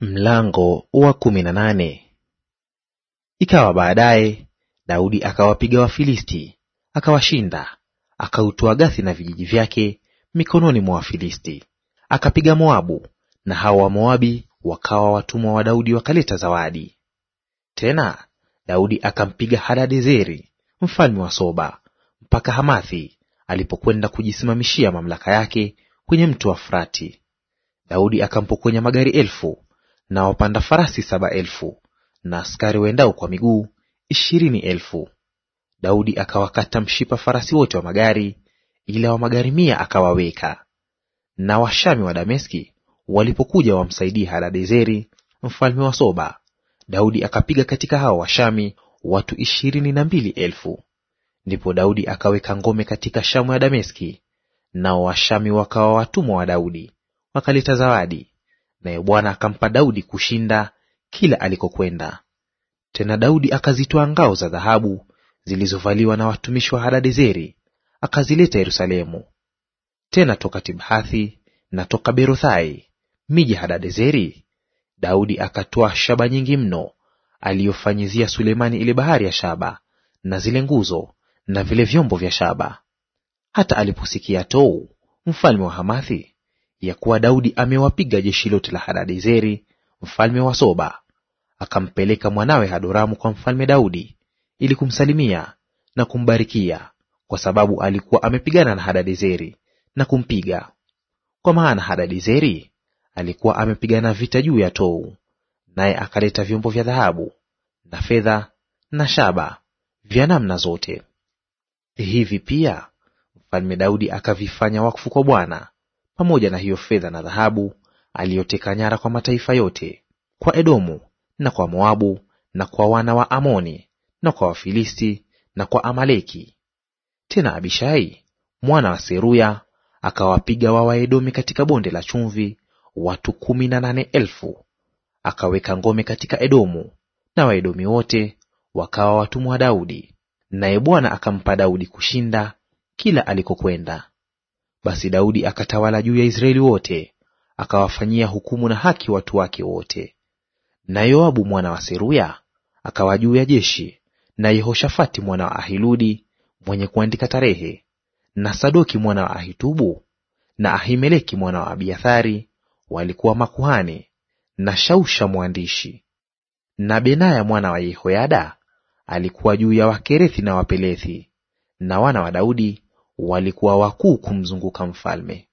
Mlango wa kumi na nane. Ikawa baadaye Daudi akawapiga Wafilisti akawashinda, akautoa Gathi na vijiji vyake mikononi mwa Wafilisti. Akapiga Moabu, na hao wa Moabi wakawa watumwa wa Daudi, wakaleta zawadi. Tena Daudi akampiga Hadadezeri mfalme wa Soba mpaka Hamathi, alipokwenda kujisimamishia mamlaka yake kwenye mto wa Frati. Daudi akampokonya magari elfu na wapanda farasi saba elfu na askari waendao kwa miguu ishirini elfu. Daudi akawakata mshipa farasi wote wa magari, ila wa magari mia akawaweka. Na Washami wa Dameski walipokuja wamsaidie Hadadezeri mfalme wa Soba, Daudi akapiga katika hao Washami watu ishirini na mbili elfu. Ndipo Daudi akaweka ngome katika Shamu ya Dameski, nao Washami wakawa watumwa wa Daudi, wakaleta zawadi naye Bwana akampa Daudi kushinda kila alikokwenda. Tena Daudi akazitoa ngao za dhahabu zilizovaliwa na watumishi wa Hadadezeri, akazileta Yerusalemu. Tena toka Tibhathi na toka Berothai, miji Hadadezeri, Daudi akatoa shaba nyingi mno aliyofanyizia Sulemani ile bahari ya shaba na zile nguzo na vile vyombo vya shaba. Hata aliposikia Tou mfalme wa Hamathi ya kuwa Daudi amewapiga jeshi lote la Hadadezeri mfalme wa Soba, akampeleka mwanawe Hadoramu kwa mfalme Daudi ili kumsalimia na kumbarikia, kwa sababu alikuwa amepigana na Hadadezeri na kumpiga. Kwa maana Hadadezeri alikuwa amepigana vita juu ya Tou, naye akaleta vyombo vya dhahabu na fedha na shaba vya namna zote. Hivi pia mfalme Daudi akavifanya wakfu kwa Bwana pamoja na hiyo fedha na dhahabu aliyoteka nyara kwa mataifa yote, kwa Edomu na kwa Moabu na kwa wana wa Amoni na kwa Wafilisti na kwa Amaleki. Tena Abishai mwana wa Seruya akawapiga wa Waedomi katika bonde la chumvi watu kumi na nane elfu, akaweka ngome katika Edomu, na Waedomi wote wakawa watumwa Daudi, naye Bwana akampa Daudi kushinda kila alikokwenda. Basi Daudi akatawala juu ya Israeli wote, akawafanyia hukumu na haki watu wake wote. Na Yoabu mwana wa Seruya akawa juu ya jeshi, na Yehoshafati mwana wa Ahiludi mwenye kuandika tarehe, na Sadoki mwana wa Ahitubu na Ahimeleki mwana wa Abiathari walikuwa makuhani, na Shausha mwandishi. Na Benaya mwana wa Yehoyada alikuwa juu ya Wakerethi na Wapelethi. Na wana wa Daudi walikuwa wakuu kumzunguka mfalme.